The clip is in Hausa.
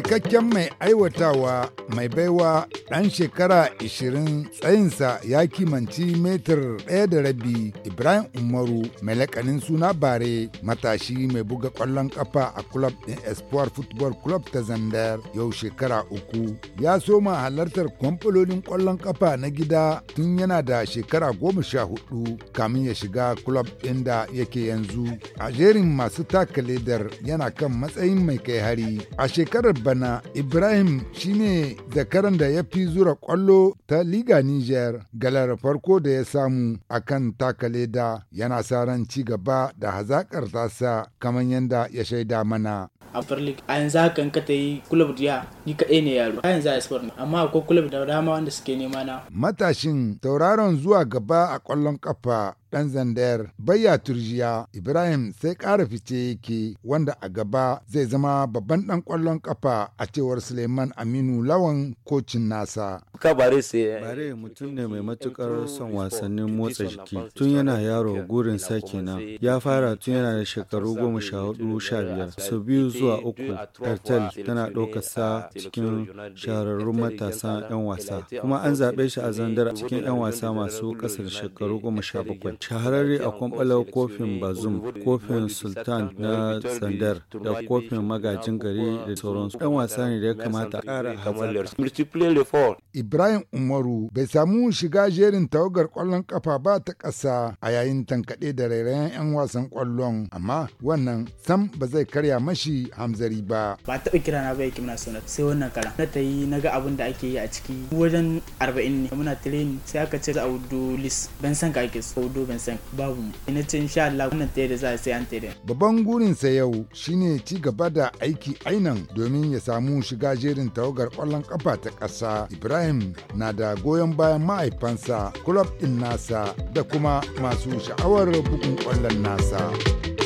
cikakken mai aiwatawa mai baiwa ɗan shekara 20 tsayinsa ya kimanci metar ɗaya da rabi Ibrahim Umaru mai lakanin suna bare matashi mai buga ƙwallon ƙafa a club ɗin Espoir Football Club ta Zandar yau shekara uku ya soma halartar kwamfulolin ƙwallon ƙafa na gida tun yana da shekara goma sha hudu kamin ya shiga club ɗin da yake yanzu a jerin masu taka yana kan matsayin mai kai hari a shekarar bana Ibrahim shine zakaran da ya fi zura kwallo ta Liga Niger galar farko da ya samu a kan takale da yana sa ran ci gaba da hazakar tasa kamar yadda ya shaida mana. a farlik a yanzu haka ka ta yi kulub ya ni kaɗai ne yaro a yanzu a ne amma akwai kulub da dama wanda suke nema na. matashin tauraron zuwa gaba a kwallon ƙafa ɗan zandayar bayya turjiya ibrahim sai ƙara fice yake wanda a gaba zai zama babban ɗan ƙwallon ƙafa a cewar suleiman aminu lawan kocin nasa bare mutum ne mai matukar son wasannin motsa jiki tun yana yaro gurin sa kenan ya fara tun yana da shekaru goma sha hudu sha biyar sau biyu zuwa uku kartel tana ɗaukar sa cikin shahararrun matasan 'yan wasa kuma an zaɓe shi a zandar cikin 'yan wasa masu ƙasar shekaru goma sha bakwai shahararre a kwamfalar kofin bazum kofin sultan na sandar da kofin magajin gari da sauransu dan wasa ne da ya kamata ƙara hazara ibrahim umaru bai samu shiga jerin tawagar kwallon kafa ba ta kasa a yayin tankaɗe da rairayen 'yan wasan kwallon amma wannan sam ba zai karya mashi hamzari ba ba taɓa kira na bai kimna muna sai wannan kara na ta yi na ga abin da ake yi a ciki wajen arba'in ne muna training sai aka ce za a wudu lis ban san ka ake so Vincent babu ina ce Allah wannan da za a sai an Babban gurin sa yau shine ci gaba da aiki ainan domin ya samu shiga jerin tawagar kwallon kafa ta ƙasa. Ibrahim na da goyon bayan mahaifansa, club ɗin nasa da kuma masu sha'awar bugun kwallon nasa.